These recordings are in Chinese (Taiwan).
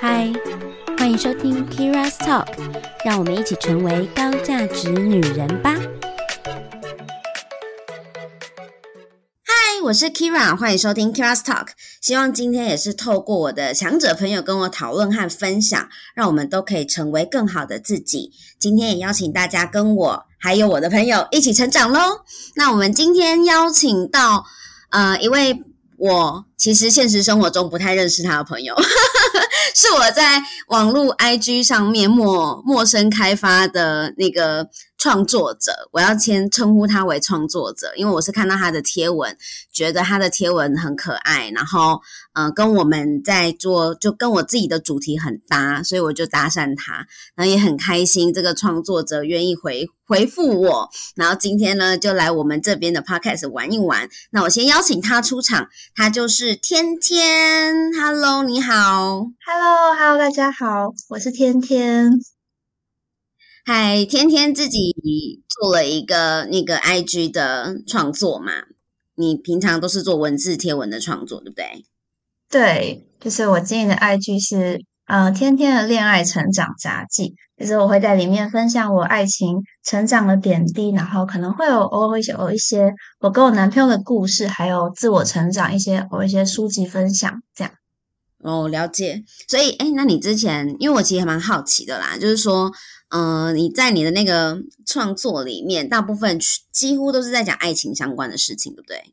嗨，Hi, 歡迎收聽 Keira's Talk，讓我們一起成為高價值女人吧。嗨，我是 Keira，歡迎收聽 Keira's Talk。希望今天也是透過我的強者朋友跟我討論和分享，讓我們都可以成為更好的自己。今天也邀請大家跟我還有我的朋友一起成長嘍。那我們今天邀請到呃一位。我其實現實生活中不太認識他的朋友， 是我在網絡 IG 上面陌陌生開發的那個。創作者，我要先稱呼他為創作者，因為我是看到他的貼文，覺得他的貼文很可愛，然後，嗯、呃，跟我們在做，就跟我自己的主題很搭，所以我就搭訕他，然後也很開心這個創作者願意回回復我，然後今天呢，就來我們這邊的 podcast 玩一玩。那我先邀請他出場，他就是天天，Hello，你好，Hello，Hello，大家好，hello, hello, 我是天天。嗨，天天自己做了一個那個 I G 的創作嘛？你平常都是做文字貼文的創作，對不對？對，就是我經營的 I G 是，呃天天的戀愛成長札記。就是我會在裡面分享我愛情成長的點滴，然後可能會有偶爾有一,一些我跟我男朋友的故事，還有自我成長一些，我一些書籍分享這樣。哦，了解。所以，哎，那你之前，因為我其實還蠻好奇的啦，就是說，嗯、呃，你在你的那個創作裡面，大部分幾乎都是在講愛情相關的事情，對不對？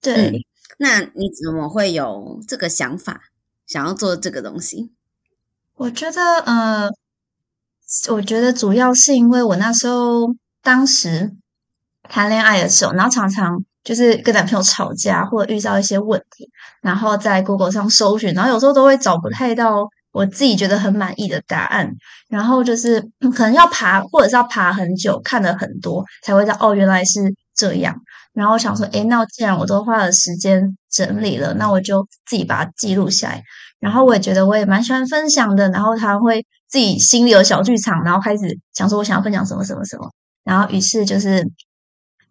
對、嗯。那你怎麼會有這個想法，想要做這個東西？我覺得，呃，我覺得主要是因為我那時候，當時談戀愛的時候，然後常常。就是跟男朋友吵架，或者遇到一些問題，然後在 Google 上搜尋，然後有時候都會找不太到我自己覺得很滿意的答案，然後就是可能要爬或者是要爬很久，看了很多才會知道哦，原來是這樣。然後想說，誒，那既然我都花了時間整理了，那我就自己把它記錄下來。然後我也覺得我也蠻喜歡分享的，然後他會自己心裡有小劇場，然後開始想說我想要分享什麼什麼什麼，然後於是就是。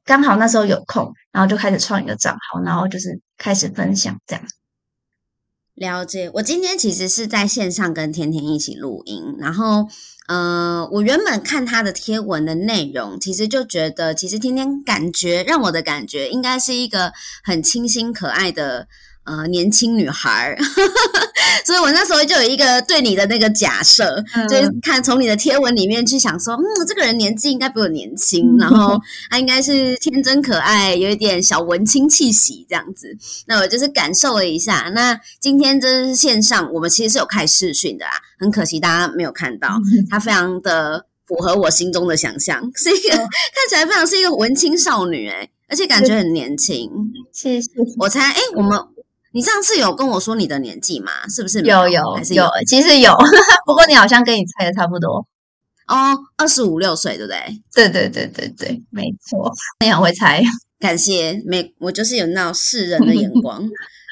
剛好那時候有空，然後就開始創一個賬號，然後就是開始分享這樣。了解。我今天其實是在線上跟天天一起錄音，然後，呃，我原本看他的貼文的內容，其實就覺得，其實天天感覺，讓我的感覺應該是一個很清新可愛的。呃，年輕女孩， 所以我那時候就有一個對你的那個假設，嗯、就是看從你的貼文裡面去想說，嗯，這個人年紀應該比我年輕，嗯、然後她應該是天真可愛，有一點小文青氣息這樣子。那我就是感受了一下，那今天真是線上，我們其實是有開視訊的啊，很可惜大家沒有看到，她、嗯、非常的符合我心中的想象，是一個、哦、看起來非常是一個文青少女、欸、而且感覺很年輕。謝謝，是是是是我猜哎、欸，我們。你上次有跟我說你的年紀嗎？是不是沒有，有有還是有，有？其實有，不過你好像跟你猜的差不多哦，二十五六歲對不對？對對對對對，沒錯，你很會猜，感謝沒，我就是有那種識人的眼光，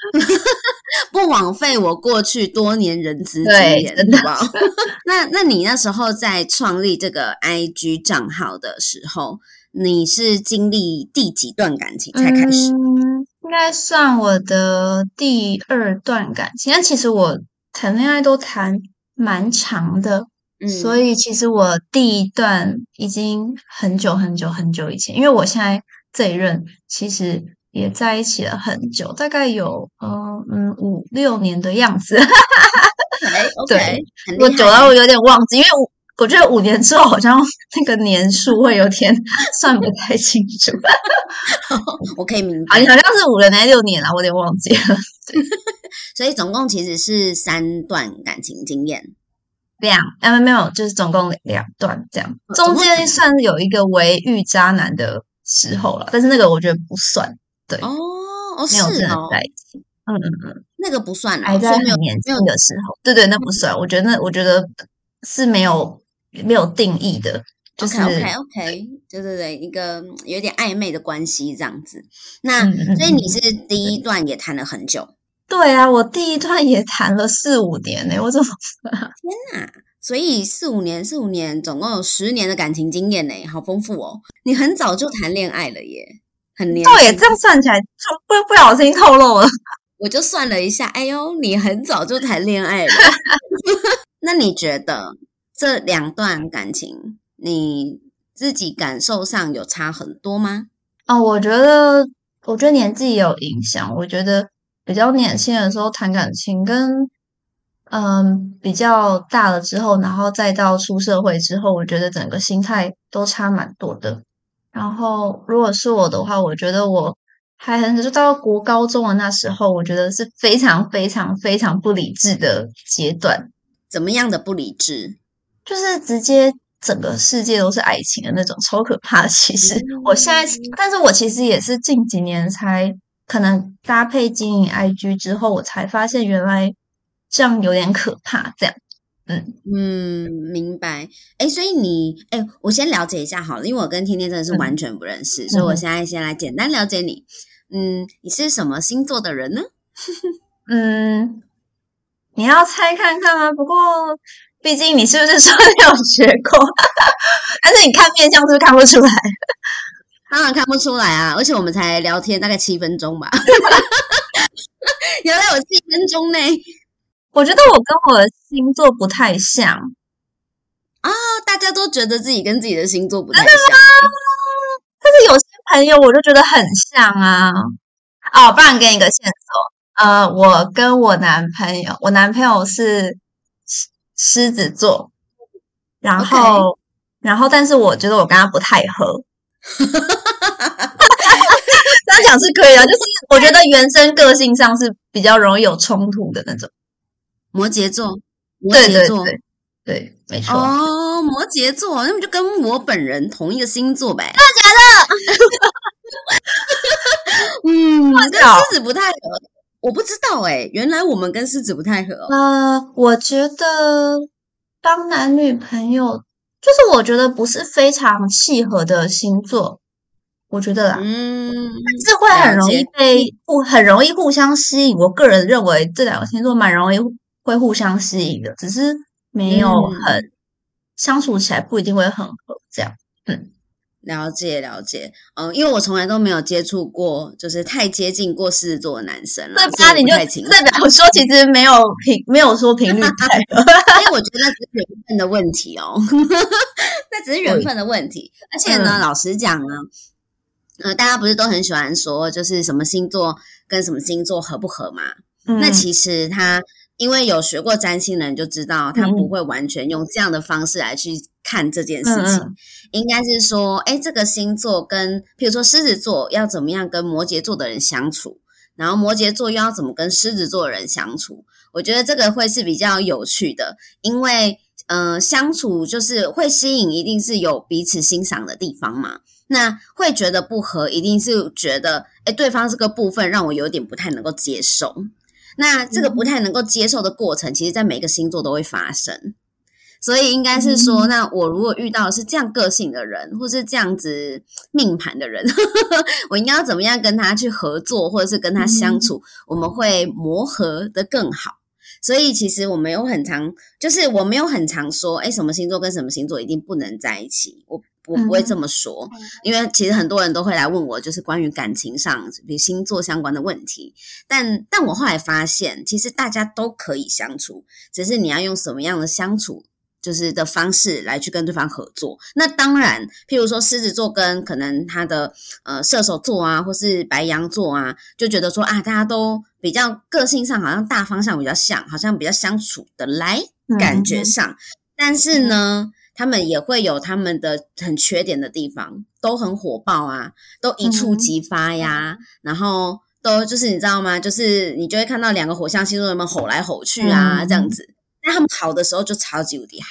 不枉費我過去多年人資經驗。真的，不 那那你那時候在創立這個 IG 賬號的時候，你是經歷第幾段感情才開始？嗯應該算我的第二段感情，但其實我談戀愛都談蠻長的，嗯，所以其實我第一段已經很久很久很久以前，因為我現在這一任其實也在一起了很久，大概有、呃、嗯嗯五六年的樣子， okay, 對，我久到我有點忘記，因為我。我覺得五年之後好像那個年數會有點算不太清楚，我可以明白。啊、好像是五年還是六年了、啊，我有點忘記了。對 所以總共其實是三段感情經驗，兩沒有沒有，就是總共兩段這樣。中間算有一個圍獄渣男的時候了，但是那個我覺得不算。對哦、oh, oh, 哦，沒有真的在一起。嗯嗯嗯，那個不算、啊，還在很年輕的時候。對,對對，那不算。嗯、我覺得那我覺得是沒有。沒有定義的，就是 OK OK，就、okay. 是一個有點曖昧的關係這樣子。那、嗯、所以你是第一段也談了很久對？對啊，我第一段也談了四五年哎，我怎麼天哪？所以四五年，四五年，總共有十年的感情經驗呢，好豐富哦！你很早就談戀愛了耶，很年輕對，這樣算起來就不不小心透露了。我就算了一下，哎呦，你很早就談戀愛了， 那你覺得？這兩段感情，你自己感受上有差很多嗎？哦，我覺得，我覺得年紀有影響。我覺得比較年輕的時候談感情跟，跟嗯，比較大了之後，然後再到出社會之後，我覺得整個心態都差蠻多的。然後如果是我的話，我覺得我還很，就到國高中的那時候，我覺得是非常非常非常不理智的階段。怎麼樣的不理智？就是直接整個世界都是愛情的那種，超可怕的。其實我現在，但是我其實也是近幾年才可能搭配經營 IG 之後，我才發現原來這樣有點可怕。這樣，嗯嗯，明白。哎，所以你，哎，我先了解一下好了，因為我跟天天真的是完全不認識，嗯、所以我現在先來簡單了解你。嗯，你是什麼星座的人呢？ 嗯，你要猜看看嗎、啊？不過。畢竟你是不是說沒有學過？但是你看面相是不是看不出來？當然、啊、看不出來啊！而且我們才聊天大概七分鐘吧。原來 我七分鐘呢。我覺得我跟我的星座不太像啊。大家都覺得自己跟自己的星座不太像，但是有些朋友我就覺得很像啊。嗯、哦，不然給你個線索。呃，我跟我男朋友，我男朋友是。獅子座，然後，Okay. 然後，但是我覺得我跟他不太合。這樣講是可以的，就是我覺得原生個性上是比較容易有衝突的那種。摩羯座，摩羯座，對，對，對，對，對，沒錯。哦，oh, 摩羯座，那麼就跟我本人同一個星座唄。我覺得，嗯，跟獅子不太合。我不知道哎、欸，原來我們跟獅子不太合。呃，我覺得當男女朋友，就是我覺得不是非常契合的星座，我覺得啦，嗯，但是會很容易被互，很容易互相吸引。我個人認為這兩個星座蠻容易會互相吸引的，只是沒有很、嗯、相處起來不一定會很合這樣，嗯。了解了解，嗯，因為我從來都沒有接觸過，就是太接近過獅子座的男生了。對啊，你就這我說其實沒有，沒有說頻率太。 因為我覺得那只是緣分的問題哦， 那只是緣分的問題。對而且呢，嗯、老實講呢，呃，大家不是都很喜歡說，就是什麼星座跟什麼星座合不合嘛？嗯、那其實他。因為有學過占星的人就知道，他不會完全用這樣的方式來去看這件事情。應該是說，誒、哎、這個星座跟，譬如說獅子座要怎麼樣跟摩羯座的人相處，然後摩羯座又要怎麼跟獅子座的人相處？我覺得這個會是比較有趣的，因為，呃，相處就是會吸引，一定是有彼此欣賞的地方嘛。那會覺得不合，一定是覺得，誒、哎、對方這個部分讓我有點不太能夠接受。那這個不太能夠接受的過程，其實在每個星座都會發生，所以應該是說，那我如果遇到是這樣個性的人，或是這樣子命盤的人， 我應該要怎麼樣跟他去合作，或者是跟他相處，我們會磨合的更好。所以其實我沒有很常，就是我沒有很常說，哎，什麼星座跟什麼星座一定不能在一起。我。我不會這麼說，嗯、因為其實很多人都會來問我，就是關於感情上比如星座相關的問題。但但我後來發現，其實大家都可以相處，只是你要用什麼樣的相處就是的方式來去跟對方合作。那當然，譬如說獅子座跟可能他的呃射手座啊，或是白羊座啊，就覺得說啊，大家都比較個性上好像大方向比較像，好像比較相處的來感覺上。嗯、但是呢，嗯他們也會有他們的很缺點的地方，都很火爆啊，都一觸即發呀，啊、嗯、然後都就是你知道嗎？就是你就會看到兩個火象星座人們吼來吼去啊，嗯、這樣子。但他們好的時候就超級無敵好，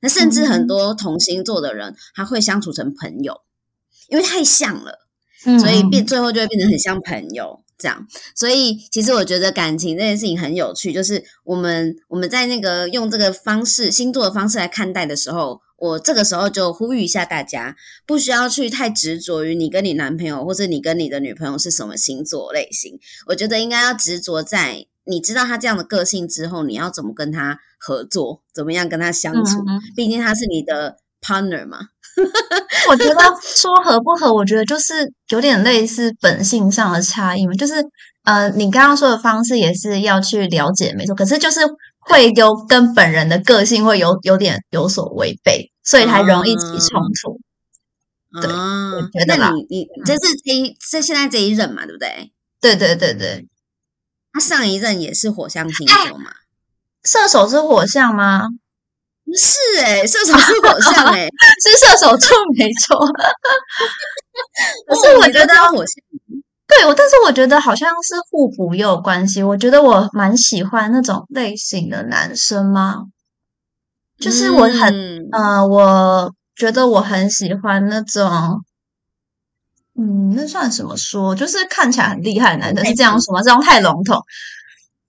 那甚至很多同星座的人他會相處成朋友，因為太像了，所以變、嗯啊、最後就會變成很像朋友。這樣，所以其實我覺得感情這件事情很有趣，就是我們我們在那個用這個方式，星座的方式來看待的時候，我這個時候就呼籲一下大家，不需要去太執着於你跟你男朋友或者你跟你的女朋友是什麼星座類型，我覺得應該要執着在你知道他這樣的個性之後，你要怎麼跟他合作，怎麼樣跟他相處，嗯嗯，畢竟他是你的 partner 嘛。 我覺得說合不合，我覺得就是有點類似本性上的差異嘛。就是呃，你剛剛說的方式也是要去了解，沒錯。可是就是會有跟本人的個性會有有點有所違背，所以才容易起衝突，嗯。對，嗯，我覺得你你這是這一這現在這一任嘛，對不對？對對對對，他上一任也是火象星座嘛，哎，射手是火象嗎？不是哎、欸，射手座好像哎， 是射手座沒錯。可是我覺得，哦、對，我，但是我覺得好像是互補也有關係。我覺得我蠻喜歡那種類型的男生嗎？就是我很，嗯、呃，我覺得我很喜歡那種，嗯，那算什麼說？就是看起來很厲害男，男的久是這樣說嘛，這種太籠統，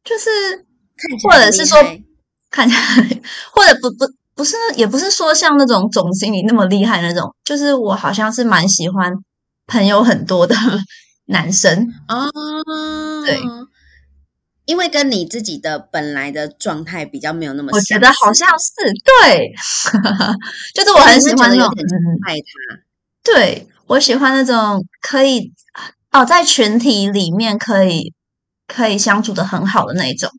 就是或者是說。看起來， 或者不不不是，也不是說像那種總經理那麼厲害那種，就是我好像是蠻喜歡朋友很多的男生啊。哦、對，因為跟你自己的本來的狀態比較沒有那麼，我覺得好像是對， 就是我很喜歡那種愛、哦、他。嗯、對，我喜歡那種可以哦，在群體裡面可以可以相處的很好的那一種。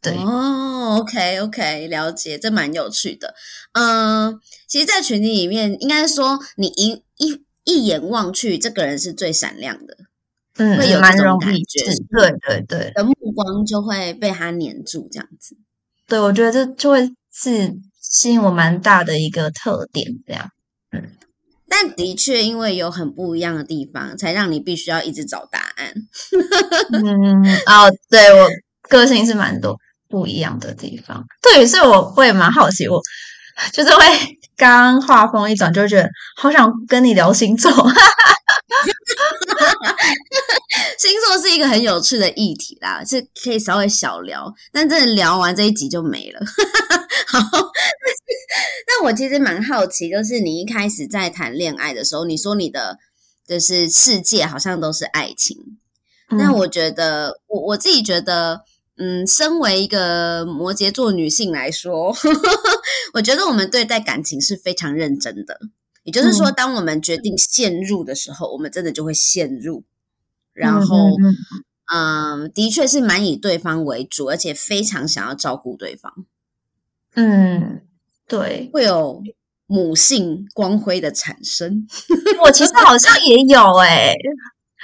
對。哦，OK OK，了解，這蠻有趣的。嗯，其實，在群體裡面，應該說你一一一眼望去，這個人是最閃亮的，嗯，會有這種感覺，也蠻容易，對對對，的目光就會被他黏住，這樣子。對，我覺得這就會是吸引我蠻大的一個特點，這樣。嗯，但的確，因為有很不一樣的地方，才讓你必須要一直找答案。 嗯。哦，對，我個性是蠻多不一樣的地方，對，所以我會蠻好奇，我就是會剛畫風一轉，就會覺得好想跟你聊星座， 星座是一個很有趣的議題啦，是可以稍微小聊，但真的聊完這一集就沒了。 好，那 我其實蠻好奇，就是你一開始在談戀愛的時候，你說你的就是世界好像都是愛情，那、嗯、我覺得我我自己覺得。嗯，身為一個摩羯座女性來說， 我覺得我們對待感情是非常認真的。也就是說，當我們決定陷入的時候，嗯、我們真的就會陷入。然後，嗯，嗯，嗯，的確是蠻以對方為主，而且非常想要照顧對方。嗯，對，會有母性光輝的產生。 我其實好像也有哎、欸，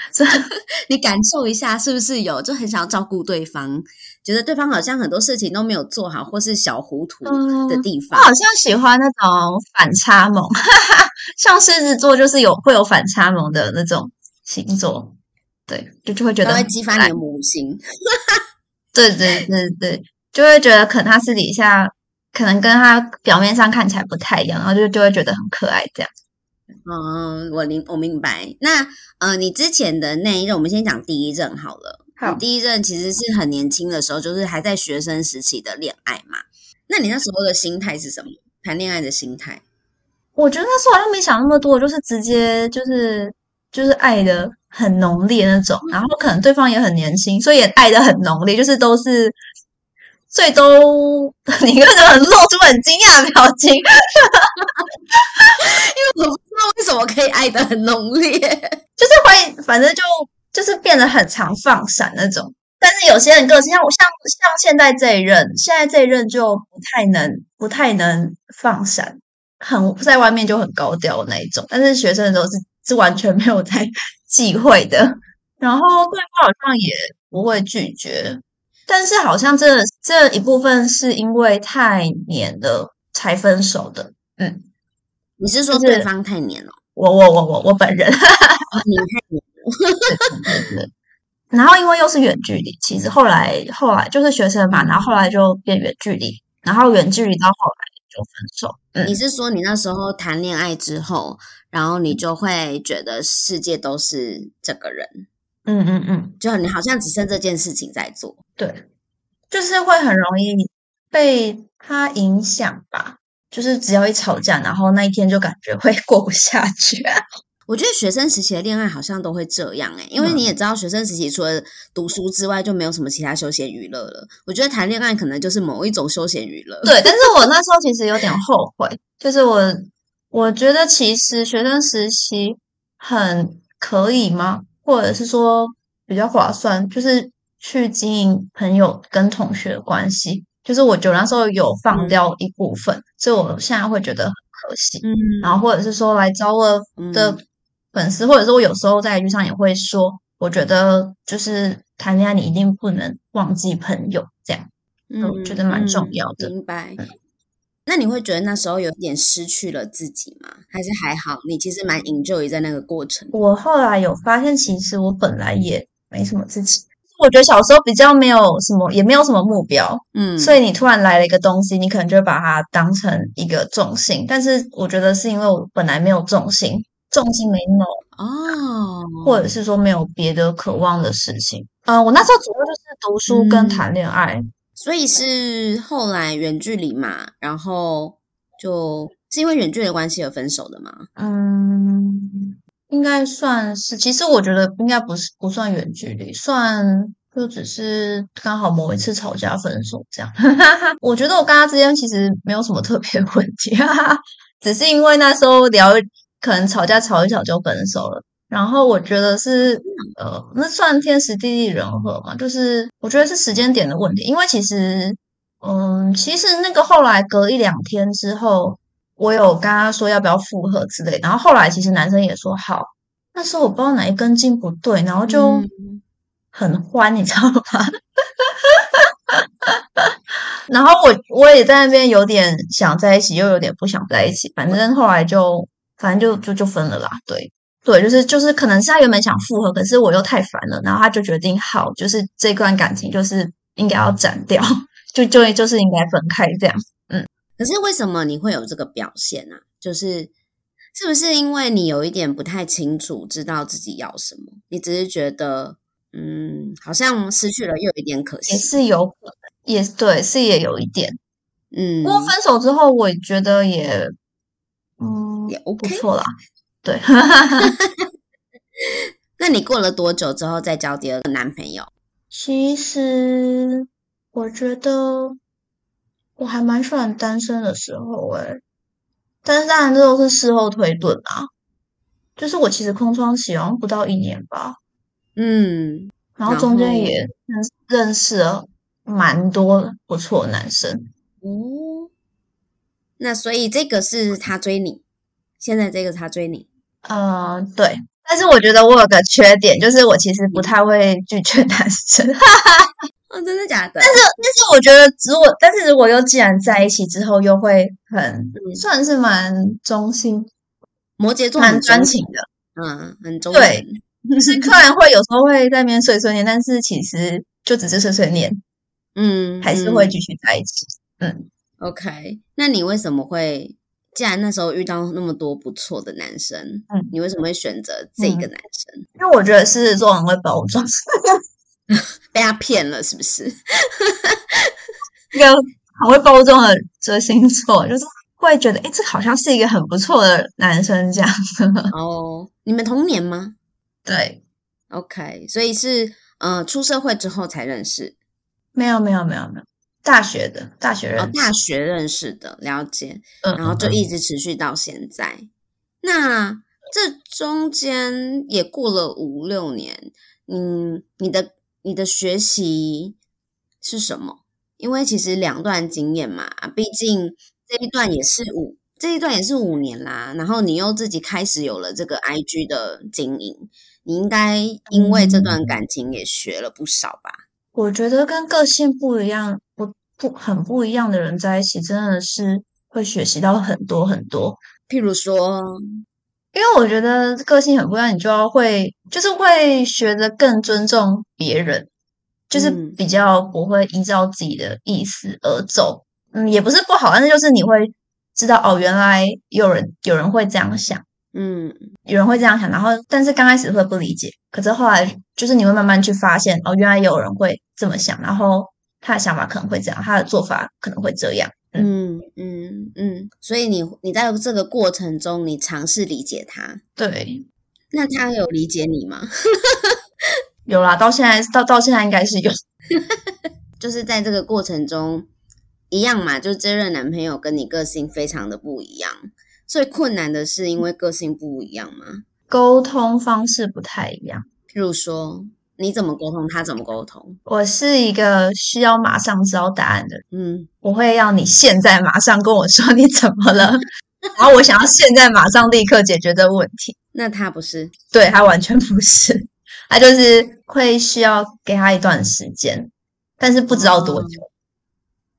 你感受一下，是不是有？就很想要照顧對方。覺得對方好像很多事情都沒有做好，或是小糊塗的地方。嗯，我好像喜歡那種反差萌，哈哈，像獅子座就是有會有反差萌的那種星座，對，就就會覺得都會激發你的母性。 對，對對對對，就會覺得可能他私底下可能跟他表面上看起來不太一樣，然後就就會覺得很可愛這樣。嗯，我明我明白。那呃，你之前的那一任，我們先講第一任好了。你第一任其實是很年輕的時候，就是還在學生時期的戀愛嘛。那你那時候的心態是什麼？談戀愛的心態？我覺得那時候好像沒想那麼多，就是直接就是就是愛的很濃烈那種。嗯、然後可能對方也很年輕，所以也愛的很濃烈，就是都是，所以都你看着很露出很驚訝的表情， 因為我不知道為什麼可以愛的很濃烈，就是會，反正就。就是變得很常放閃那種，但是有些人個性像我，像像現在這一任，現在這一任就不太能，不太能放閃，很在外面就很高調那一種。但是學生的時候是是完全沒有在忌諱的，然後對方好像也不會拒絕，但是好像這這一部分是因為太黏了才分手的。嗯，你是說對方太黏了？我我我我我本人黏、 哦、你太黏。 然後，因為又是遠距離，其實後來後來就是學生嘛，然後後來就變遠距離，然後遠距離，到後來就分手。嗯、你是說你那時候談戀愛之後，然後你就會覺得世界都是這個人？嗯嗯嗯，就你好像只剩這件事情在做，對，就是會很容易被他影響吧？就是只要一吵架，然後那一天就感覺會過不下去啊。我覺得學生時期的戀愛好像都會這樣欸，因為你也知道，學生時期除了讀書之外，就沒有什麼其他休閒娛樂了。我覺得談戀愛可能就是某一種休閒娛樂。對，但是我那時候其實有點後悔， 就是我我覺得其實學生時期很可以嗎？或者是說比較划算，就是去經營朋友跟同學的關係。就是我覺得我那時候有放掉一部分，嗯、所以我現在會覺得很可惜。嗯，然後或者是說來找我的、嗯。粉絲，或者是，我有時候在遇上也會說，我覺得就是談戀愛，你一定不能忘記朋友，這樣，嗯、我覺得蠻重要的。嗯、明白。嗯、那你會覺得那時候有一點失去了自己嗎？還是還好？你其實蠻 enjoy 在那個過程。我後來有發現，其實我本來也沒什麼自己。我覺得小時候比較沒有什麼，也沒有什麼目標，嗯。所以你突然來了一個東西，你可能就把它當成一個重心。但是我覺得是因為我本來沒有重心。重心沒弄、哦、或者是說沒有別的渴望的事情。嗯、呃，我那時候主要就是讀書跟談戀愛、嗯，所以是後來遠距離嘛，然後就是因為遠距離關係而分手的嗎？嗯，應該算是，其實我覺得應該不是不算遠距離，算就只是剛好某一次吵架分手這樣。 我覺得我跟他之間其實沒有什麼特別的問題，只是因為那時候聊。可能吵架吵一吵就分手了，然後我覺得是呃，那算天時地利人和嘛，就是我覺得是時間點的問題。因為其實，嗯，其實那個後來隔一兩天之後，我有跟他說要不要複合之類，然後後來其實男生也說好，但是我不知道哪一根筋不對，然後就很歡，你知道嗎？嗯、 然後我我也在那邊有點想在一起，又有點不想在一起，反正後來就。反正就就就分了啦，對對，就是就是，可能是他原本想復合，可是我又太煩了，然後他就決定好，就是這段感情就是應該要斬掉，就就就是應該分開這樣。嗯，可是為什麼你會有這個表現啊？就是是不是因為你有一點不太清楚，知道自己要什麼？你只是覺得，嗯，好像失去了又有一點可惜，也是有可能，也對，是也有一點。嗯，不過分手之後，我也覺得也。也 Yeah，okay. 不錯啦，對。 那你過了多久之後再交第二個男朋友？其實我覺得我還蠻喜歡單身的時候誒、欸。但是當然這都是事後推斷啊。就是我其實空窗期好像不到一年吧，嗯。然後中間也認識了蠻多的不錯的男生。嗯。那所以這個是他追你？現在這個他追你，呃，對，但是我覺得我有個缺點，就是我其實不太會拒絕男生，哈哈，啊，真的假的？但是但是，但是我覺得如果但是，如果又既然在一起之後，又會很、嗯、算是蠻忠心，摩羯座蠻專情的，嗯，很忠心，對，是，雖然會有時候會在那邊碎碎念，但是其實就只是碎碎念，嗯，還是會繼續在一起，嗯，嗯，OK，那你為什麼會？既然那時候遇到那麼多不錯的男生，嗯、你為什麼會選擇這一個男生？嗯、因為我覺得獅子座很會包裝， 被他騙了是不是？一個很會包裝的獅子座，就是會覺得哎，這好像是一個很不錯的男生這樣。 哦、你們同年嗎？對，OK，所以是、呃、出社會之後才認識。沒有，沒有，沒有，沒有。大學的大學認大學認識的，哦、大學認識的了解。嗯、然後就一直持續到現在。嗯嗯、那這中間也過了五六年，嗯，你的你的學習是什麼？因為其實兩段經驗嘛，畢竟這一段也是五，這一段也是五年啦。然後你又自己開始有了這個 IG 的經營，你應該因為這段感情也學了不少吧？嗯我覺得跟個性不一樣、不不很不一樣的人在一起，真的是會學習到很多很多。譬如說，因為我覺得個性很不一樣，你就要會就是會學着更尊重別人，就是比較不會依照自己的意思而走。嗯，嗯，也不是不好，但是就是你會知道哦，原來有人有人會這樣想。嗯，有人會這樣想，然後但是剛開始會不理解，可是後來就是你會慢慢去發現哦，原來有人會這麼想，然後他的想法可能會這樣，他的做法可能會這樣。嗯嗯嗯，所以你你在這個過程中，你嘗試理解他。對。那他有理解你嗎？ 有啦，到現在到到現在應該是有。 就是在這個過程中，一樣嘛，就是這任男朋友跟你個性非常的不一樣。最困難的是因為個性不一樣嗎？溝通方式不太一樣。譬如說，你怎麼溝通，他怎麼溝通？我是一個需要馬上知道答案的人，嗯，我會要你現在馬上跟我說你怎麼了， 然後我想要現在馬上立刻解決這個問題。那他不是？對，他完全不是，他就是會需要給他一段時間，但是不知道多久。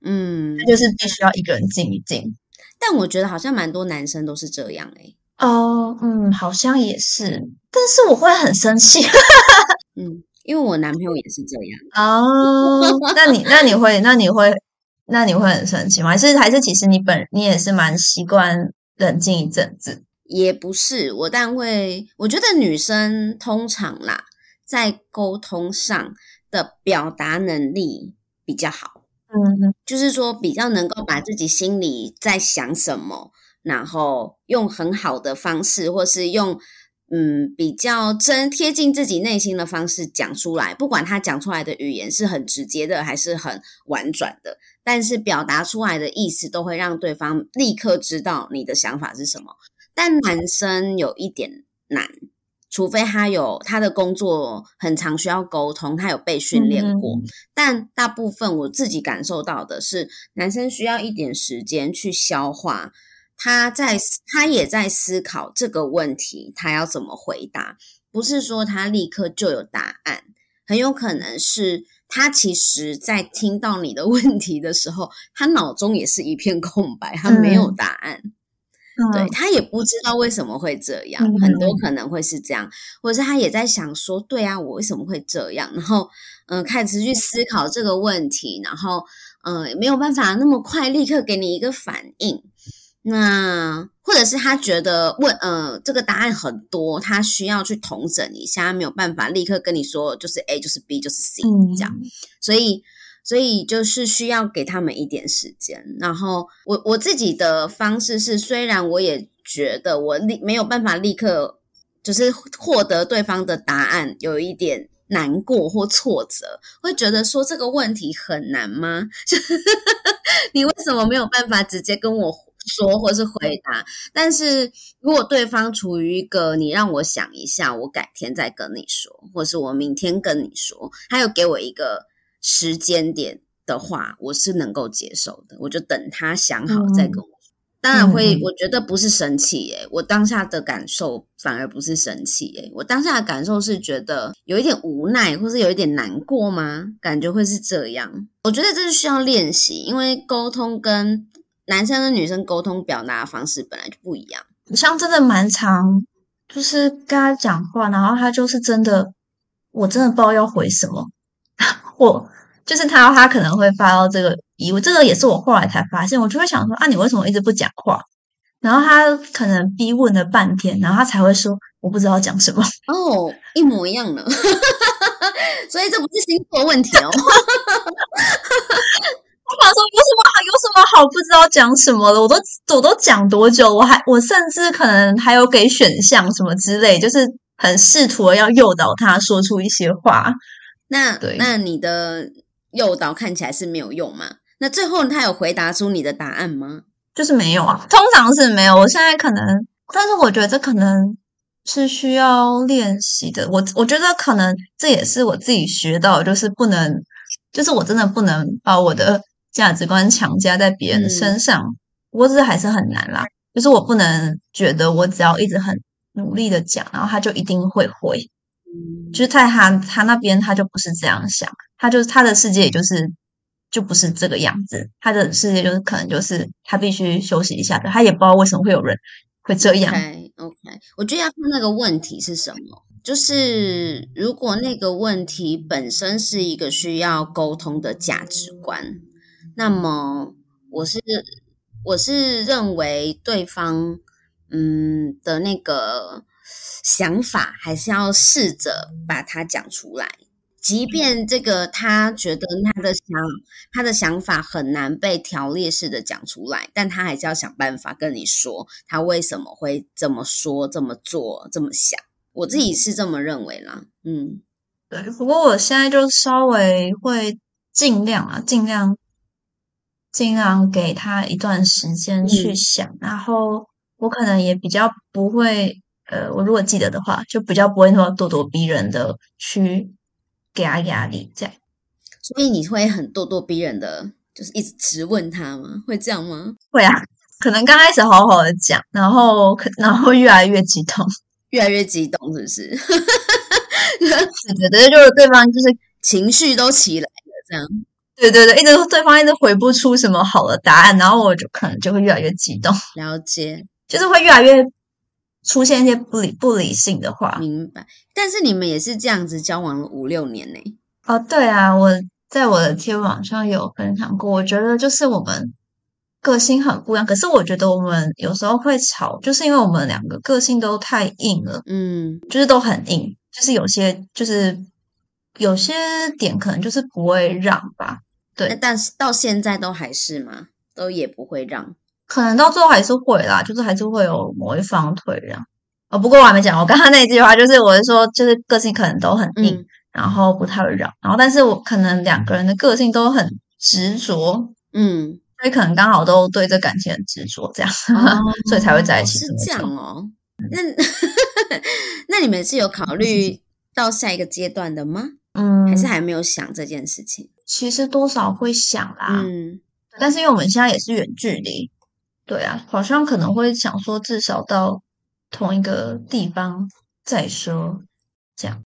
嗯，他就是必須要一個人靜一靜。但我覺得好像蠻多男生都是這樣欸。哦，嗯，好像也是，但是我會很生氣。 嗯，因為我男朋友也是這樣哦。那你那你會那你會那你會很生氣嗎？還是還是其實你本你也是蠻習慣冷靜一陣子？也不是，我但會，我覺得女生通常啦，在溝通上的表達能力比較好。嗯，就是說比較能夠把自己心裡在想什麼，然後用很好的方式，或是用嗯比較真貼近自己內心的方式講出來。不管他講出來的語言是很直接的，還是很婉轉的，但是表達出來的意思都會讓對方立刻知道你的想法是什麼。但男生有一點難。除非他有他的工作很常需要溝通，他有被訓練過，嗯嗯，但大部分我自己感受到的是，男生需要一點時間去消化，他在他也在思考這個問題，他要怎麼回答，不是說他立刻就有答案，很有可能是他其實在聽到你的問題的時候，他腦中也是一片空白，他沒有答案。嗯對他也不知道為什麼會這樣，很多可能會是這樣，或者是他也在想說，對啊，我為什麼會這樣？然後，嗯、呃，開始去思考這個問題，然後，嗯、呃，沒有辦法那麼快立刻給你一個反應。那或者是他覺得問，呃，這個答案很多，他需要去統整一下，沒有辦法立刻跟你說，就是 A 就是 B 就是 C 這樣，所以。所以就是需要給他們一點時間，然後我我自己的方式是，雖然我也覺得我立沒有辦法立刻就是獲得對方的答案，有一點難過或挫折，會覺得說這個問題很難嗎？ 你為什麼沒有辦法直接跟我說或是回答？但是如果對方處於一個你讓我想一下，我改天再跟你說，或是我明天跟你說，他又給我一個時間點的話，我是能夠接受的。我就等他想好再跟我說。嗯。當然會，嗯。我覺得不是生氣耶。我當下的感受反而不是生氣耶。我當下的感受是覺得有一點無奈，或是有一點難過嗎？感覺會是這樣。我覺得這是需要練習，因為溝通跟男生跟女生溝通表達的方式本來就不一樣。像真的蠻常，就是跟他講話，然後他就是真的，我真的不知道要回什麼。我就是他，他可能會發到這個疑問，這個也是我後來才發現。我就會想說啊，你為什麼一直不講話？然後他可能逼問了半天，然後他才會說我不知道講什麼。哦，oh, 一模一樣呢。 所以這不是星座問題哦。 我馬上說有什麼好，有什麼好不知道講什麼的，我都，我都講多久？我還，我甚至可能還有給選項什麼之類，就是很試圖要誘導他說出一些話。那對那你的誘導看起來是沒有用嗎？那最後他有回答出你的答案嗎？就是沒有啊，通常是沒有。我現在可能，但是我覺得可能是需要練習的。我我覺得可能這也是我自己學到，就是不能，就是我真的不能把我的價值觀強加在別人的身上。嗯，不過這還是很難啦，就是我不能覺得我只要一直很努力的講，然後他就一定會回。就是在他他那邊，他就不是這樣想，他就他的世界也就是就不是這個樣子，他的世界就是可能就是他必須休息一下，他也不知道為什麼會有人會這樣。Okay, OK，我覺得要看那個問題是什麼，就是如果那個問題本身是一個需要溝通的價值觀，那麼我是我是認為對方嗯的那個。想法還是要試着把它講出來，即便這個他覺得他的想他的想法很難被條列式的講出來，但他還是要想辦法跟你說他為什麼會這麼說、這麼做、這麼想。我自己是這麼認為啦，嗯，對。不過我現在就稍微會盡量啊，盡量盡量給他一段時間去想，嗯、然後我可能也比較不會。呃，我如果記得的話，就比較不會那麼咄咄逼人的去給他壓力，這樣，所以你會很咄咄逼人的，就是一直質問他嗎？會這樣嗎？會啊，可能剛開始好好的講，然後可然後越來越激動，越來越激動，是不是？哈哈哈，我覺得就是對方就是情緒都起來了，這樣。對對對，一直對方一直回不出什麼好的答案，然後我就可能就會越來越激動。了解，就是會越來越。出現一些不理不理性的話，明白。但是你們也是這樣子交往了五六年呢？欸。哦，對啊，我在我的貼網上有分享過。我覺得就是我們個性很不一樣，可是我覺得我們有時候會吵，就是因為我們兩個個性都太硬了。嗯，就是都很硬，就是有些就是有些點可能就是不會讓吧。對，但是到現在都還是嘛？都也不會讓。可能到最後還是會啦，就是還是會有某一方退讓。呃、哦，不過我還沒講，我剛剛那句話就是我是說，就是個性可能都很硬，嗯、然後不太會讓，然後但是我可能兩個人的個性都很執着，嗯，所以可能剛好都對這感情很執着，這樣，嗯、 所以才會在一起。是這樣哦。那、嗯、 那你們是有考慮到下一個階段的嗎？嗯，還是還沒有想這件事情？其實多少會想啦，嗯，但是因為我們現在也是遠距離。對啊，好像可能會想說，至少到同一個地方再說，這樣。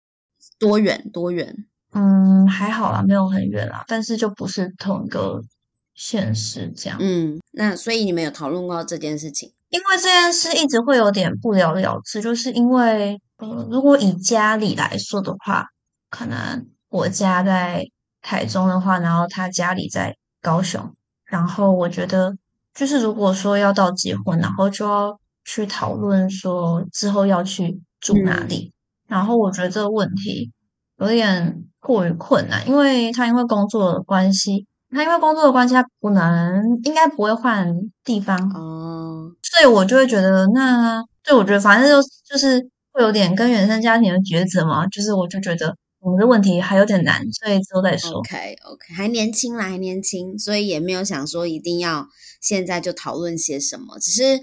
多遠？多遠？多遠。嗯，還好啦，沒有很遠啦，但是就不是同一個現實這樣。嗯，那所以你們有討論過這件事情？因為這件事一直會有點不了了之，就是因為呃，如果以家裡來說的話，可能我家在台中的話，然後他家裡在高雄，然後我覺得。就是如果說要到結婚，然後就要去討論說之後要去住哪裡，嗯，然後我覺得這個問題有點過於困難，因為他因為工作的關係，他因為工作的關係，他不能，應該不會換地方，嗯，所以我就會覺得那，那對我覺得反正就是就是會有點跟原生家庭的抉擇嘛，就是我就覺得我們的問題還有點難，所以之後再說。OK OK，還年輕啦，還年輕，所以也沒有想說一定要。現在就討論些什麼？只是，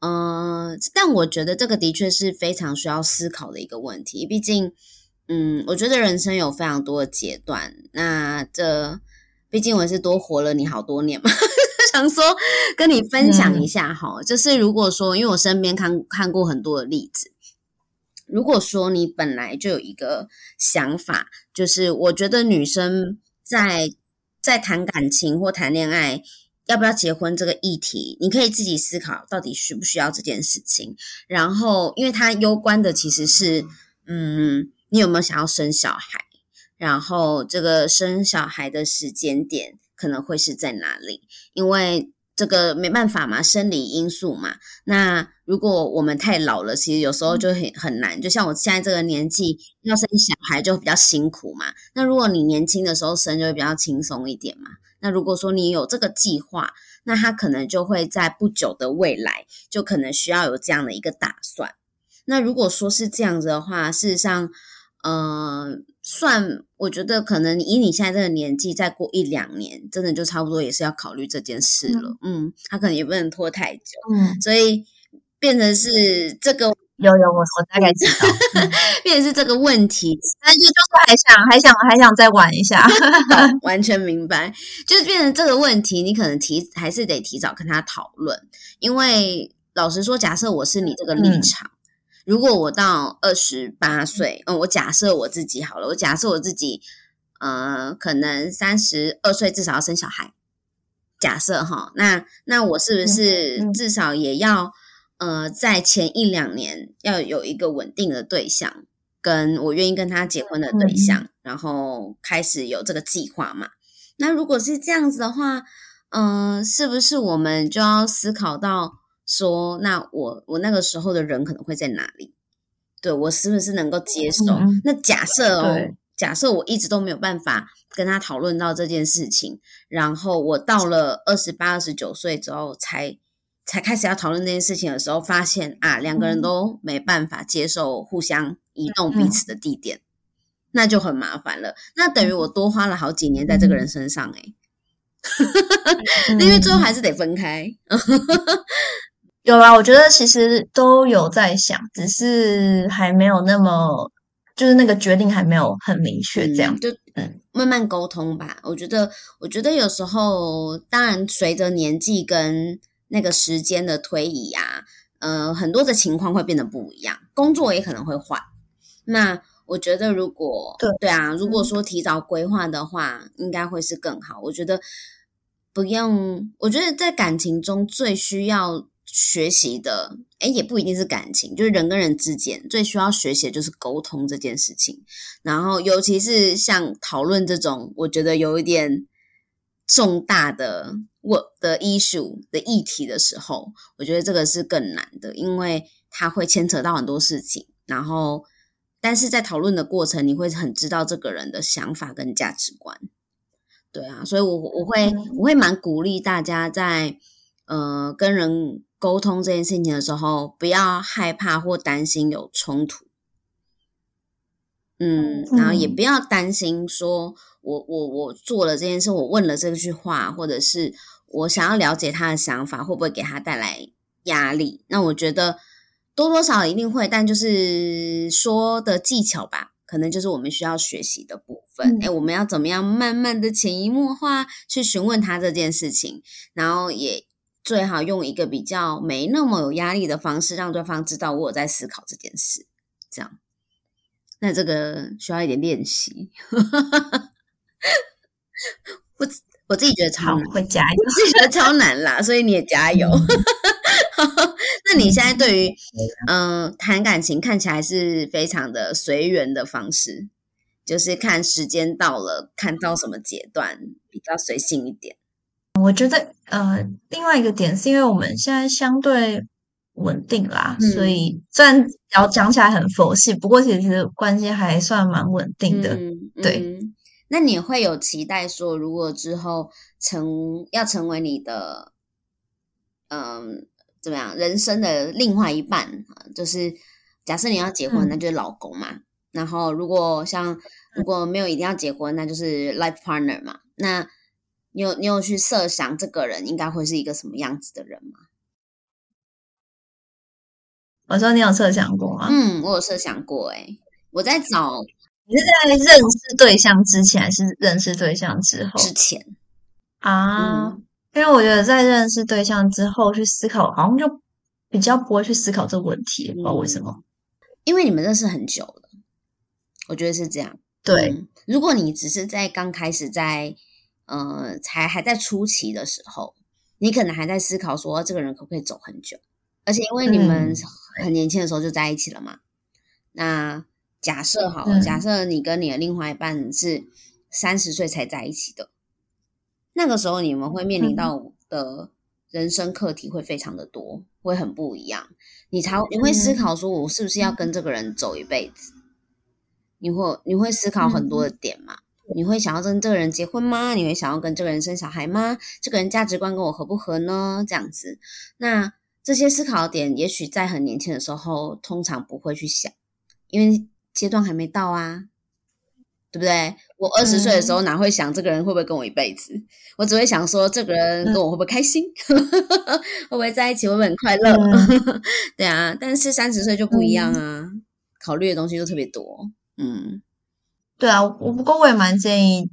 嗯、呃，但我覺得這個的確是非常需要思考的一個問題。畢竟，嗯，我覺得人生有非常多的階段。那這，畢竟我是多活了你好多年嘛，呵呵想說跟你分享一下哈、嗯。就是如果說，因為我身邊看看過很多的例子，如果說你本來就有一個想法，就是我覺得女生在在談感情或談戀愛。要不要結婚這個議題，你可以自己思考到底需不需要這件事情。然後，因為它攸關的其實是，嗯，你有沒有想要生小孩，然後這個生小孩的時間點可能會是在哪裡？因為這個沒辦法嘛，生理因素嘛。那如果我們太老了，其實有時候就很很難。就像我現在這個年紀，要生小孩就比較辛苦嘛。那如果你年輕的時候生，就會比較輕鬆一點嘛。那如果說你有這個計劃，那他可能就會在不久的未來就可能需要有這樣的一個打算。那如果說是這樣子的話，事實上，呃，算我覺得可能你以你現在這個年紀，再過一兩年，真的就差不多也是要考慮這件事了。嗯，嗯，他可能也不能拖太久。嗯，所以變成是這個。有有，我我大概知道， 變成是這個問題，但就就是還想還想還想再玩一下， 完全明白，就是變成這個問題，你可能提還是得提早跟他討論，因為老實說，假設我是你這個立場，嗯、如果我到二十八歲，嗯、呃，我假設我自己好了，我假設我自己，呃，可能三十二歲至少要生小孩，假設哈，那那我是不是至少也要、嗯？嗯呃，在前一兩年要有一個穩定的對象，跟我願意跟他結婚的對象，嗯、然後開始有這個計劃嘛？那如果是這樣子的話，嗯、呃，是不是我們就要思考到說，那我我那個時候的人可能會在哪裡？對，我是不是能夠接受？嗯、那假設哦，對假設我一直都沒有辦法跟他討論到這件事情，然後我到了二十八、二十九歲之後才。才開始要討論那件事情的時候，發現啊，兩個人都沒辦法接受互相移動彼此的地點，嗯、那就很麻煩了。那等於我多花了好幾年在這個人身上，欸，哎、嗯， 因為最後還是得分開。 有啊，我覺得其實都有在想，只是還沒有那麼，就是那個決定還沒有很明確，這樣，嗯、就慢慢溝通吧。嗯、我覺得，我覺得有時候，當然隨着年紀跟那個時間的推移啊，呃，很多的情況會變得不一樣，工作也可能會換。那我覺得，如果對，對啊，如果說提早規劃的話，嗯、應該會是更好。我覺得不用，我覺得在感情中最需要學習的，誒也不一定是感情，就是人跟人之間最需要學習的就是溝通這件事情。然後，尤其是像討論這種，我覺得有一點。重大的的 issue 的議題的時候，我覺得這個是更難的，因為它會牽扯到很多事情。然後，但是在討論的過程，你會很知道這個人的想法跟價值觀。對啊，所以我我會我會蠻鼓勵大家在呃跟人溝通這件事情的時候，不要害怕或擔心有衝突。嗯，然後也不要擔心，說我我我做了這件事，我問了這句話，或者是我想要了解他的想法，會不會給他帶來壓力？那我覺得多多少少一定會，但就是說的技巧吧，可能就是我們需要學習的部分。哎、嗯欸，我們要怎麼樣慢慢的潛移默化去詢問他這件事情，然後也最好用一個比較沒那麼有壓力的方式，讓對方知道我有在思考這件事，這樣。那這個需要一點練習，不 我自己覺得超難，會加油，我自己覺得超難啦， 所以你也加油。 那你現在對於嗯、呃、談感情看起來是非常的隨緣的方式，就是看時間到了，看到什麼階段比較隨性一點。我覺得呃另外一個點是因為我們現在相對。穩定啦，所以、嗯、雖然聊講起來很佛系，不過其實關係還算蠻穩定的。嗯、對、嗯，那你會有期待說，如果之後成要成為你的，嗯、呃，怎麼樣人生的另外一半？就是假設你要結婚，嗯、那就是老公嘛。然後如果像如果沒有一定要結婚，嗯、那就是 life partner 嘛。那你有你有去設想這個人應該會是一個什麼樣子的人嗎？我說你有設想過嗎？嗯，我有設想過，欸。誒我在找你是在認識對象之前，還是認識對象之後？之前啊，嗯、因為我覺得在認識對象之後去思考，好像就比較不會去思考這個問題，嗯、不知道為什麼。因為你們認識很久了，我覺得是這樣。對、嗯，如果你只是在剛開始在，在、呃、嗯，才還，還在初期的時候，你可能還在思考說、啊、這個人可不可以走很久，而且因為你們、嗯。很年輕的時候就在一起了嘛。那假設好，假設你跟你的另外一半是三十歲才在一起的，那個時候你們會面臨到的人生課題會非常的多，會很不一樣。你才，你會思考說，我是不是要跟這個人走一輩子？你會你會思考很多的點嘛？你會想要跟這個人結婚嗎？你會想要跟這個人生小孩嗎？這個人價值觀跟我合不合呢？這樣子，那。這些思考點，也許在很年輕的時候，通常不會去想，因為階段還沒到啊，對不對？我二十歲的時候，哪會想這個人會不會跟我一輩子？嗯、我只會想說，這個人跟我會不會開心，嗯、 會不會在一起，會不會很快樂？嗯、 對啊，但是三十歲就不一樣啊，嗯、考慮的東西就特別多。嗯，對啊，我不過我也蠻建議，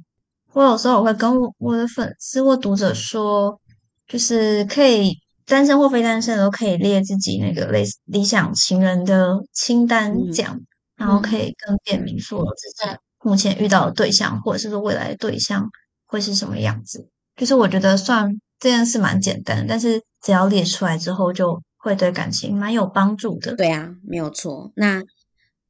我有時候我會跟我，我的粉絲或讀者說，就是可以。單身或非單身都可以列自己那個類似理想情人的清單獎，這樣、嗯，然後可以更便民說，自己、嗯、目前遇到的對象，嗯、或者是說未來的對象會是什麼樣子。就是我覺得算這件事蠻簡單，但是只要列出來之後，就會對感情蠻有幫助的。對啊，沒有錯。那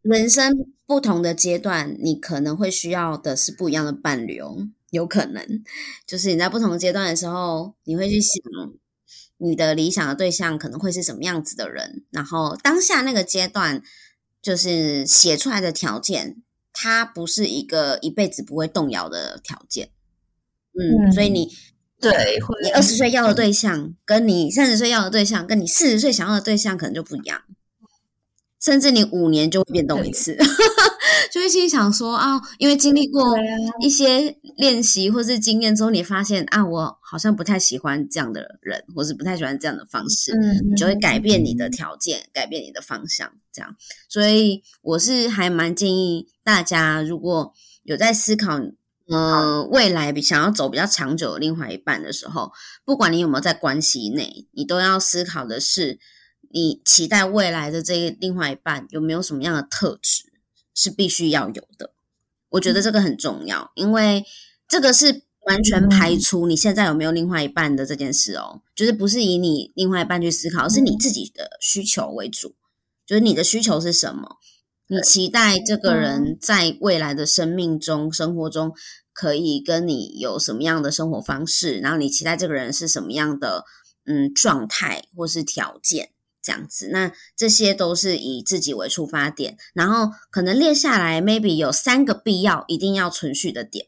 人生不同的階段，你可能會需要的是不一樣的伴侶哦。有可能，就是你在不同的階段的時候，你會去想、嗯。你的理想的對象可能會是什麼樣子的人？然後當下那個階段，就是寫出來的條件，它不是一個一輩子不會動搖的條件。嗯，所以你、嗯、對，你二十歲要的對象，跟你三十歲要的對象，跟你四十歲想要的對象，可能就不一樣。甚至你五年就會變動一次。對 就會心想說啊，因為經歷過一些練習或是經驗之後，你發現啊，我好像不太喜歡這樣的人，或是不太喜歡這樣的方式，嗯，就會改變你的條件，改變你的方向。這樣，所以我是還蠻建議大家，如果有在思考，呃，未來比想要走比較長久的另外一半的時候，不管你有沒有在關係內，你都要思考的是，你期待未來的這個另外一半有沒有什麼樣的特質。是必須要有的，我覺得這個很重要，因為這個是完全排除你現在有沒有另外一半的這件事哦，就是不是以你另外一半去思考，是你自己的需求為主，就是你的需求是什麼，你期待這個人在未來的生命中、生活中可以跟你有什麼樣的生活方式，然後你期待這個人是什麼樣的嗯狀態或是條件。這樣子，那這些都是以自己為出發點，然後可能列下來，maybe 有三個必要一定要存續的點，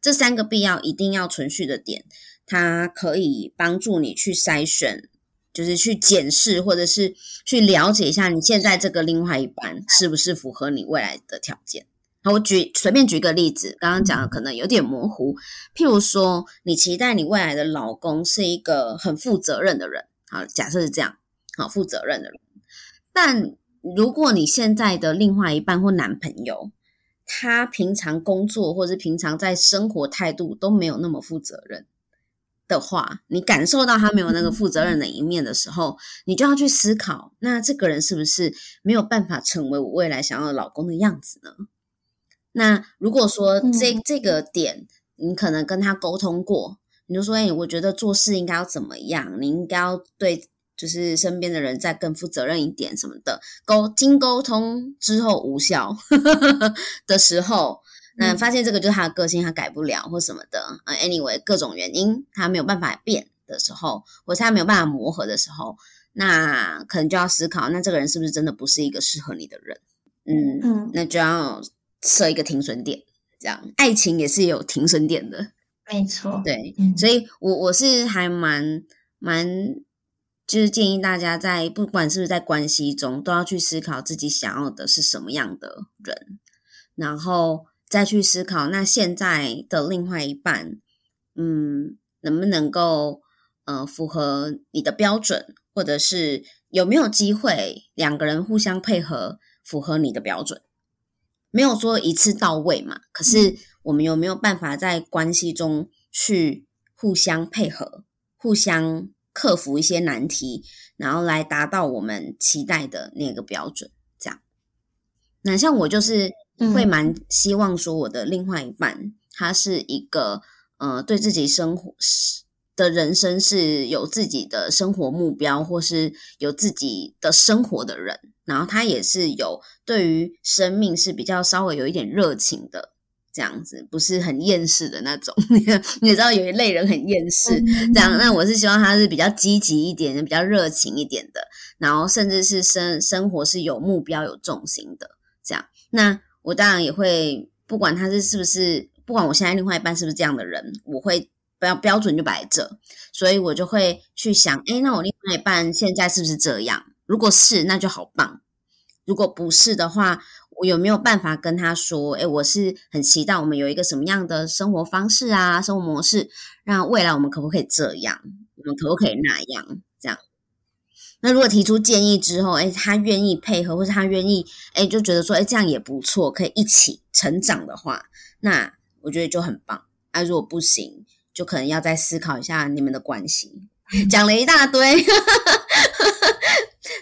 這三個必要一定要存續的點，它可以幫助你去篩選，就是去檢視或者是去了解一下你現在這個另外一半是不是符合你未來的條件。好，我舉，隨便舉一個例子，剛剛講的可能有點模糊，譬如說，你期待你未來的老公是一個很負責任的人，好，假設是這樣。好負責任的人，但如果你現在的另外一半或男朋友，他平常工作或者平常在生活態度都沒有那麼負責任的話，你感受到他沒有那個負責任的一面的時候，嗯、你就要去思考，那這個人是不是沒有辦法成為我未來想要的老公的樣子呢？那如果說這、嗯、這個點，你可能跟他溝通過，你就說：“哎、欸，我覺得做事應該要怎麼樣？你應該要對。”就是身邊的人再更負責任一點什麼的，溝經溝通之後無效 的時候，那你發現這個就是他的個性，他改不了或什麼的，呃，anyway，各種原因他沒有辦法變的時候，或是他沒有辦法磨合的時候，那可能就要思考，那這個人是不是真的不是一個適合你的人？嗯，嗯那就要設一個停損點，這樣愛情也是有停損點的，沒錯，對，嗯、所以我我是還蠻蠻。就是建議大家在不管是不是在關係中，都要去思考自己想要的是什麼樣的人，然後再去思考那現在的另外一半，嗯，能不能夠呃符合你的標準，或者是有沒有機會兩個人互相配合符合你的標準？沒有說一次到位嘛，可是我們有沒有辦法在關係中去互相配合、互相，克服一些難題，然後來達到我們期待的那個標準。這樣，那像我就是會蠻希望說，我的另外一半他是一個、嗯、呃，對自己生活是的人生是有自己的生活目標，或是有自己的生活的人。然後他也是有對於生命是比較稍微有一點熱情的。這樣子不是很厭世的那種， 你也知道有一類人很厭世， 這樣。那我是希望他是比較積極一點，比較熱情一點的，然後甚至是生生活是有目標、有重心的。這樣，那我當然也會不管他是是不是，不管我現在另外一半是不是這樣的人，我會標標準就擺在這，所以我就會去想，哎、欸，那我另外一半現在是不是這樣？如果是，那就好棒；如果不是的話。我有沒有辦法跟他說，欸，我是很期待我們有一個什麼樣的生活方式啊，生活模式，讓未來我們可不可以這樣，我們可不可以那樣，這樣。那如果提出建議之後，欸，他願意配合，或是他願意，欸，就覺得說，欸，這樣也不錯，可以一起成長的話，那我覺得就很棒。啊，如果不行，就可能要再思考一下你們的關係。嗯。講了一大堆。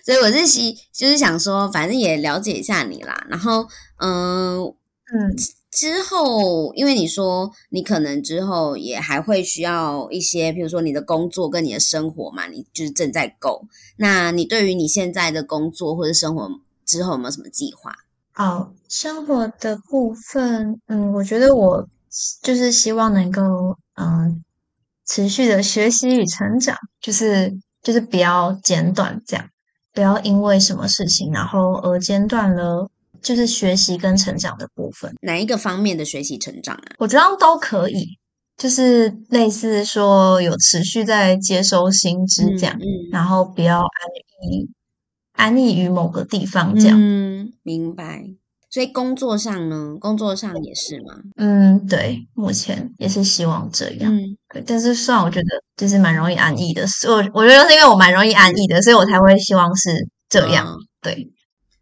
所以我是希，就是想說，反正也了解一下你啦。然後，嗯、呃、嗯，之後因為你說你可能之後也還會需要一些，比如說你的工作跟你的生活嘛，你就是正在 go。那你對於你現在的工作或者生活之後有沒有什麼計劃？哦，生活的部分，嗯，我覺得我就是希望能夠嗯持續的學習與成長，就是就是比較簡短這樣。不要因為什麼事情，然後而間斷了，就是學習跟成長的部分。哪一個方面的學習成長啊？我覺得都可以，就是類似說有持續在接收新知這樣，嗯嗯、然後不要安逸，安逸於某個地方這樣。嗯，明白。所以工作上呢，工作上也是嘛。嗯，對，目前也是希望這樣。嗯，對，但是算我覺得就是蠻容易安逸的，我我覺得是因為我蠻容易安逸的，所以我才會希望是這樣。嗯、對，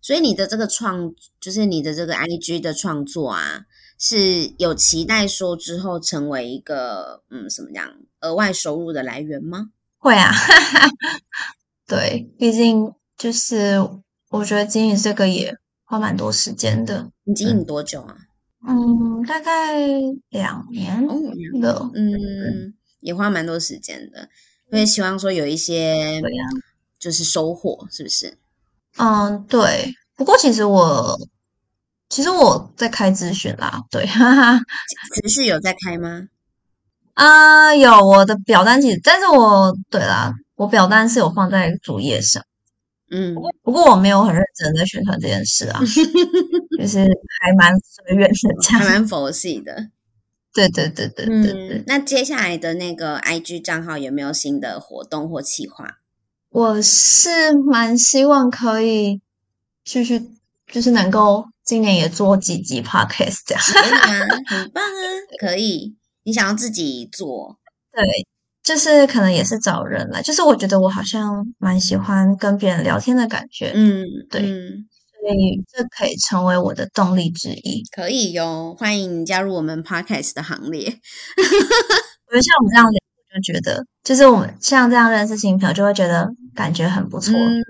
所以你的這個創，就是你的這個 IG 的創作啊，是有期待說之後成為一個嗯，什麼樣額外收入的來源嗎？會啊，哈哈。對，畢竟就是我覺得經營這個也。花蠻多時間的，你經營多久啊？嗯，大概兩年的，哦、年嗯，嗯也花蠻多時間的，也、嗯、希望說有一些，嗯、就是收穫，是不是？嗯，對。不過其實我，其實我在開諮詢啦，對，哈哈。其實是有在開嗎？啊、嗯，有，我的表單其實，但是我對啦，我表單是有放在主頁上。嗯，不過我沒有很認真在宣傳這件事啊， 就是還蠻隨緣的這樣，還蠻佛系的。對對對對對、嗯、對，對，對。那接下來的那個 IG 賬號有沒有新的活動或企劃？我是蠻希望可以繼續，就是能夠今年也做幾集 Podcast 這樣。很棒啊！可以，對你想要自己做。對。就是可能也是找人來就是我覺得我好像蠻喜歡跟別人聊天的感覺，嗯，對，嗯、所以這可以成為我的動力之一。可以喲，歡迎你加入我們 podcast 的行列。 我覺得像我們這樣，的就覺得就是我們像這樣認識新朋友，就會覺得感覺很不錯，嗯、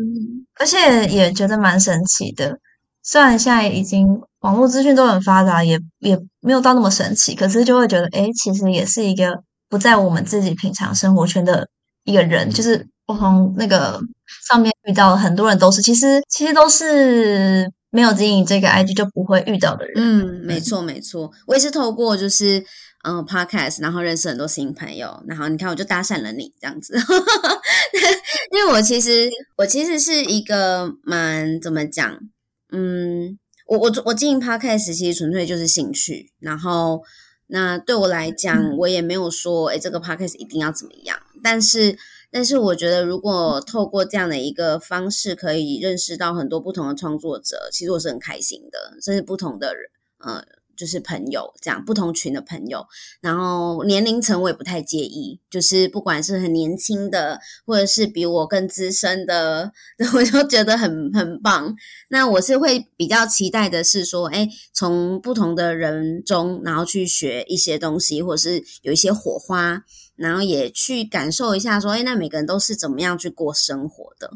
而且也覺得蠻神奇的。雖然現在已經網絡資訊都很發達，也也沒有到那麼神奇，可是就會覺得，哎，其實也是一個。不在我們自己平常生活圈的一個人，就是我從那個上面遇到很多人都是，其實其實都是沒有經營這個 IG 就不會遇到的人。嗯，沒錯沒錯，我也是透過就是嗯 Podcast，然後認識很多新朋友，然後你看我就搭訕了你這樣子， 因為我其實我其實是一個蠻怎麼講，嗯，我我我經營 Podcast 其實純粹就是興趣，然後。那對我來講，我也沒有說，哎，這個 podcast 一定要怎麼樣，但是，但是我覺得，如果透過這樣的一個方式，可以認識到很多不同的創作者，其實我是很開心的，甚至不同的人，嗯。就是朋友這樣，不同群的朋友，然後年齡層我也不太介意，就是不管是很年輕的，或者是比我更資深的，我就覺得很很棒。那我是會比較期待的是說，哎，從不同的人中，然後去學一些東西，或者是有一些火花，然後也去感受一下說，哎，那每個人都是怎麼樣去過生活的。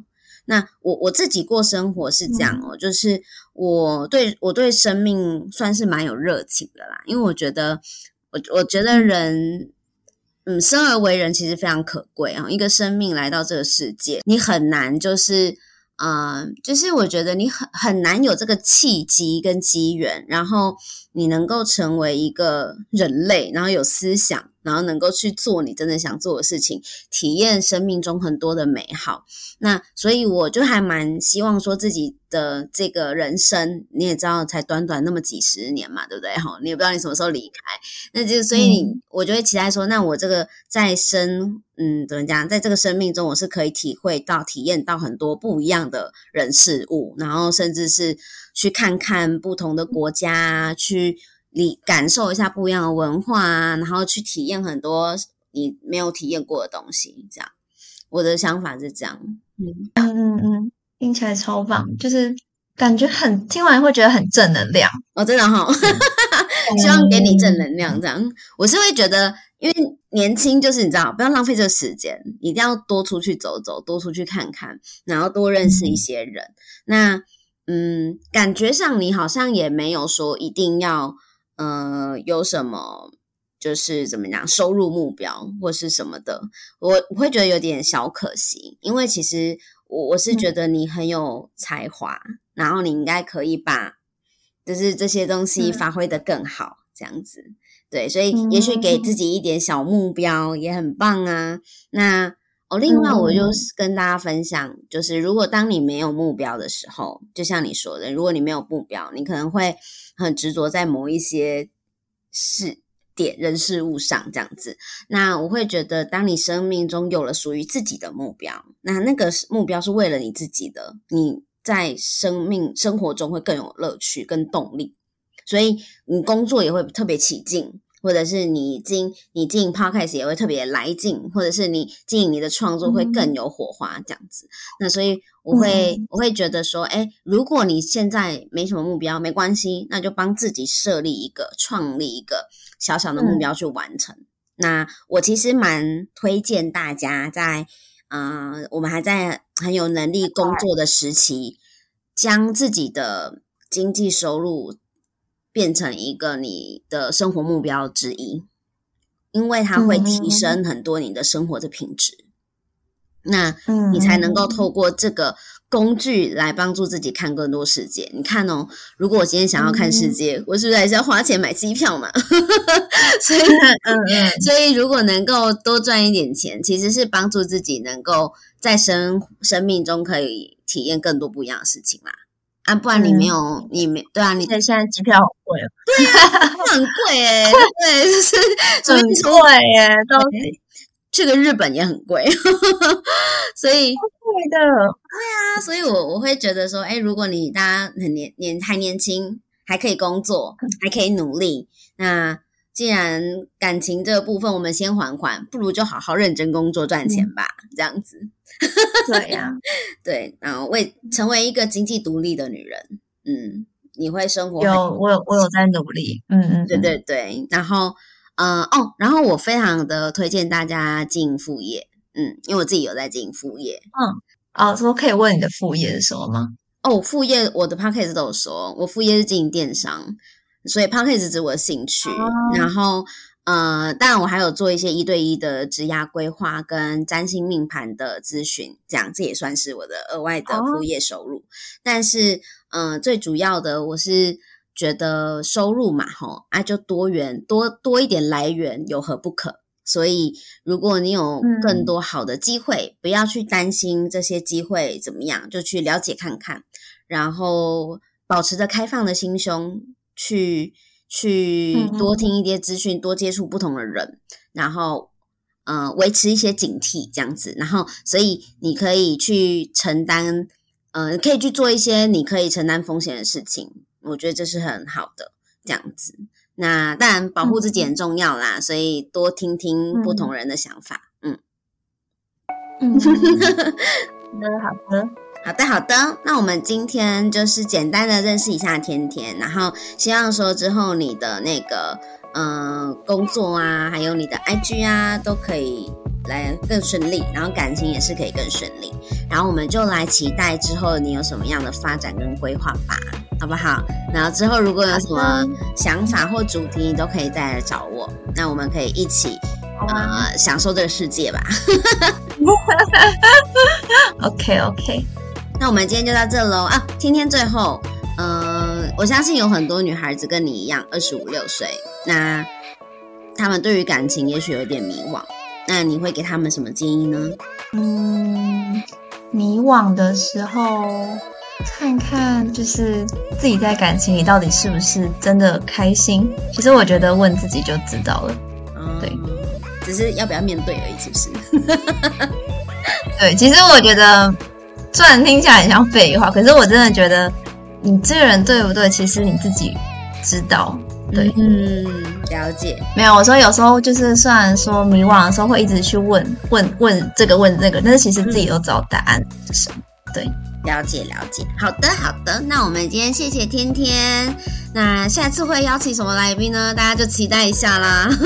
那我我自己過生活是這樣哦，嗯、就是我對我對生命算是蠻有熱情的啦，因為我覺得我我覺得人，嗯，生而為人其實非常可貴啊、哦，一個生命來到這個世界，你很難就是啊、呃，就是我覺得你很很難有這個契機跟機緣，然後。你能夠成為一個人類，然後有思想，然後能夠去做你真的想做的事情，體驗生命中很多的美好。那所以我就還蠻希望說自己的這個人生，你也知道，才短短那麼幾十年嘛，對不對？哈，你也不知道你什麼時候離開，那就所以我就會期待說，嗯、那我這個在生，嗯，怎麼講，在這個生命中，我是可以體會到、體驗到很多不一樣的人事物，然後甚至是。去看看不同的國家，嗯、去你感受一下不一樣的文化、啊，然後去體驗很多你沒有體驗過的東西。這樣，我的想法是這樣。嗯嗯嗯，聽起來超棒，嗯、就是感覺很聽完會覺得很正能量。我、哦、真的哈、哦，嗯、 希望給你正能量。這樣，嗯、我是會覺得，因為年輕就是你知道，不要浪費這個時間，一定要多出去走走，多出去看看，然後多認識一些人。嗯、那。嗯，感覺上你好像也沒有說一定要，呃，有什麼就是怎麼講收入目標或是什麼的，我我會覺得有點小可惜，因為其實我我是覺得你很有才華，嗯、然後你應該可以把就是這些東西發揮的更好，嗯、這樣子，對，所以也許給自己一點小目標也很棒啊，那。哦，另外我就是跟大家分享，嗯、就是如果當你沒有目標的時候，就像你說的，如果你沒有目標，你可能會很執着在某一些事、點、人事物上這樣子。那我會覺得，當你生命中有了屬於自己的目標，那那個目標是為了你自己的，你在生命生活中會更有樂趣跟動力，所以你工作也會特別起勁。或者是你經你經營 Podcast 也會特別來勁，或者是你經營你的創作會更有火花、嗯、這樣子。那所以我會、嗯、我會覺得說，哎，如果你現在沒什麼目標，沒關係，那就幫自己設立一個、創立一個小小的目標去完成。嗯、那我其實蠻推薦大家在，呃，我們還在很有能力工作的時期，將自己的經濟收入。變成一個你的生活目標之一，因為它會提升很多你的生活的品質。那，你才能夠透過這個工具來幫助自己看更多世界。你看哦，如果我今天想要看世界，我是不是還是要花錢買機票嘛？所以，嗯所以如果能夠多賺一點錢，其實是幫助自己能夠在生生命中可以體驗更多不一樣的事情啦。啊，不然你沒有，嗯、你沒對啊？你現現在機票好貴哦。 對啊，很貴誒，對，就是，很貴誒，都去個日本也很貴， 所以貴的。對啊，所以我我會覺得說，哎，如果你大家很年年還年輕，還可以工作，還可以努力，那既然感情這個部分我們先緩緩，不如就好好認真工作賺錢吧，嗯、這樣子。 對呀、啊，對，然後為成為一個經濟獨立的女人，嗯，你會生活有我有我有在努力，嗯，嗯對對對，然後，嗯、呃，哦，然後我非常的推薦大家進副業，嗯，因為我自己有在進行副業，嗯，啊、哦，什麼，可以問你的副業是什麼嗎？哦，副業我的 Podcast 都有說我副業是經營電商，所以 Podcast 指我的興趣，哦、然後。呃，當然我還有做一些一對一的職涯規劃跟占星命盤的諮詢，這樣這也算是我的額外的副業收入。哦、但是，嗯、呃，最主要的我是覺得收入嘛，吼啊，就多元多多一點來源有何不可？所以，如果你有更多好的機會，嗯、不要去擔心這些機會怎麼樣，就去了解看看，然後保持着開放的心胸去。去多聽一些資訊，多接觸不同的人，然後嗯，呃、維持一些警惕這樣子。然後，所以你可以去承擔，嗯、呃，可以去做一些你可以承擔風險的事情。我覺得這是很好的這樣子。那當然，保護自己很重要啦。嗯、所以多聽聽不同人的想法。嗯嗯，那個好的。好好好的，好的。那我們今天就是簡單的認識一下天天，然後希望說之後你的那個嗯、呃、工作啊，還有你的 IG 啊，都可以來更順利，然後感情也是可以更順利。然後我們就來期待之後你有什麼樣的發展跟規劃吧，好不好？然後之後如果有什麼想法或主題，你都可以再來找我，那我們可以一起呃享受這個世界吧。 OK，OK、okay, okay.。那我們今天就到這嘍啊！天天最後，嗯、呃，我相信有很多女孩子跟你一樣，二十五六歲，那他們對於感情也許有一點迷惘，那你會給他們什麼建議呢？嗯，迷惘的時候，看看就是自己在感情裡到底是不是真的開心。其實我覺得問自己就知道了，對，只是要不要面對而已，是不是？ 對，其實我覺得。雖然聽起來很像廢話，可是我真的覺得你這個人對不對？其實你自己知道，對，嗯，了解。沒有，我說有時候就是，雖然說迷惘的時候會一直去問問問這個問那個，但是其實自己都知道答案，嗯、哼就是對。了解了解，好的好的，那我們今天謝謝天天，那下次會邀請什麼來賓呢？大家就期待一下啦。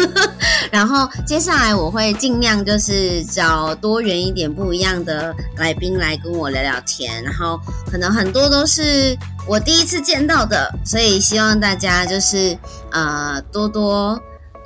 然後接下來我會盡量就是找多元一點、不一樣的來賓來跟我聊聊天，然後可能很多都是我第一次見到的，所以希望大家就是呃多多。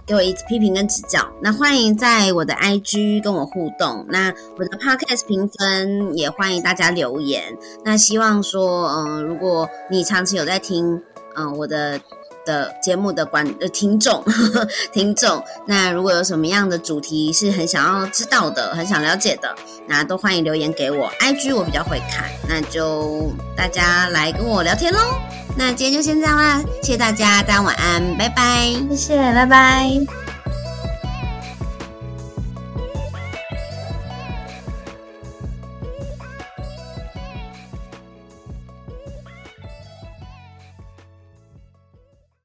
給我一次批評跟指教，那歡迎在我的 IG 跟我互動，那我的 Podcast 評分也歡迎大家留言，那希望說，嗯、呃，如果你長期有在聽，嗯、呃，我的。的節目的觀呃聽眾呵呵聽眾，那如果有什麼樣的主題是很想要知道的，很想了解的，那都歡迎留言給我，IG 我比較會看，那就大家來跟我聊天嘍。那今天就先這樣啦，謝謝大家，大家晚安，拜拜，謝謝，拜拜。